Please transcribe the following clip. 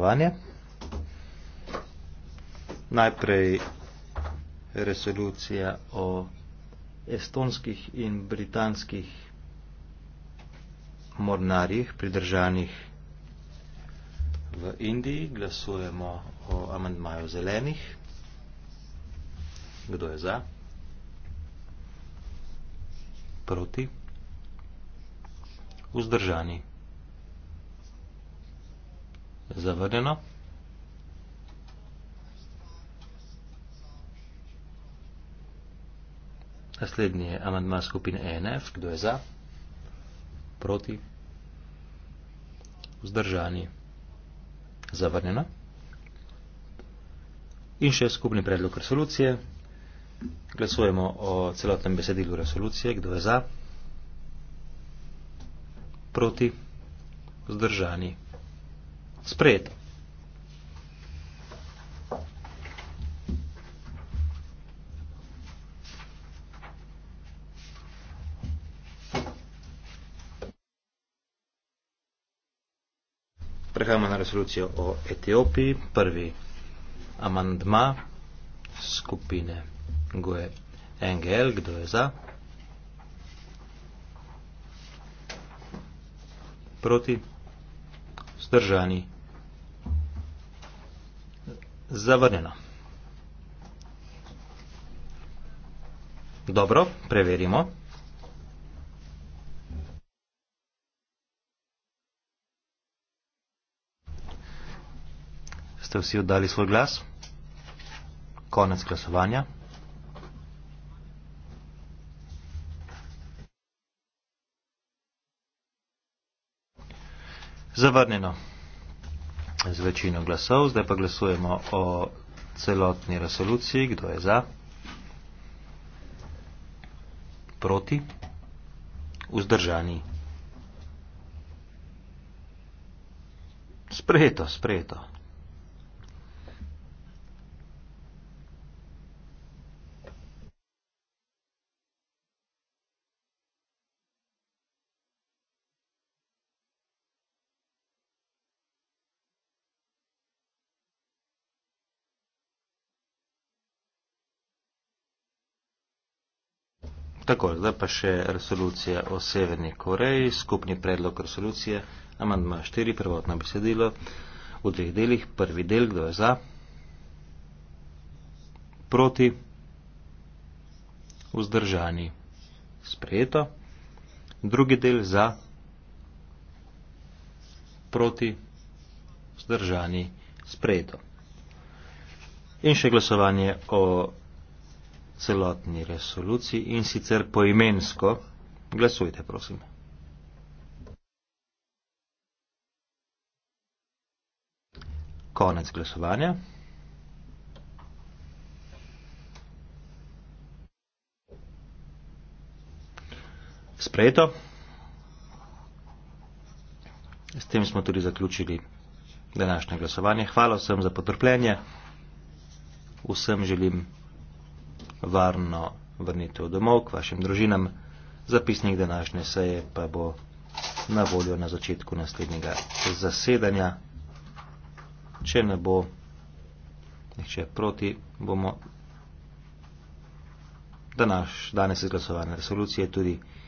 spoštovanje. Najprej resolucija o estonskih in britanskih mornarjih pridržanih v Indiji. Glasujemo o amandmaju zelenih. Kdo je za? Proti? Vzdržani? zavrnjeno. Naslednji je amandma skupine ENF, kdo je za, proti, vzdržani, zavrnjeno. In še skupni predlog resolucije. Glasujemo o celotnem besedilu resolucije, kdo je za, proti, vzdržani, zavrnjeno sprejeto. Prehajamo na resolucijo o Etiopiji, prvi amandma skupine GUE NGL, kdo je za? Proti? vzdržani. Zavrnjeno. Dobro, preverimo. Ste vsi oddali svoj glas? Konec glasovanja. Zavrnjeno z večino glasov. Zdaj pa glasujemo o celotni resoluciji. Kdo je za? Proti? Vzdržani? Sprejeto, sprejeto. Tako, zdaj pa še resolucija o Severni Koreji, skupni predlog resolucije, amandma 4, prvotno besedilo, v dveh delih, prvi del, kdo je za, proti, vzdržani, sprejeto, drugi del za, proti, vzdržani, sprejeto. In še glasovanje o celotni resoluciji in sicer poimensko. Glasujte, prosim. Konec glasovanja. Sprejeto. S tem smo tudi zaključili današnje glasovanje. Hvala vsem za potrpljenje. Vsem želim varno vrnitev domov k vašim družinam. Zapisnik današnje seje pa bo na voljo na začetku naslednjega zasedanja. Če ne bo nihče proti, bomo danes izglasovane resolucije tudi.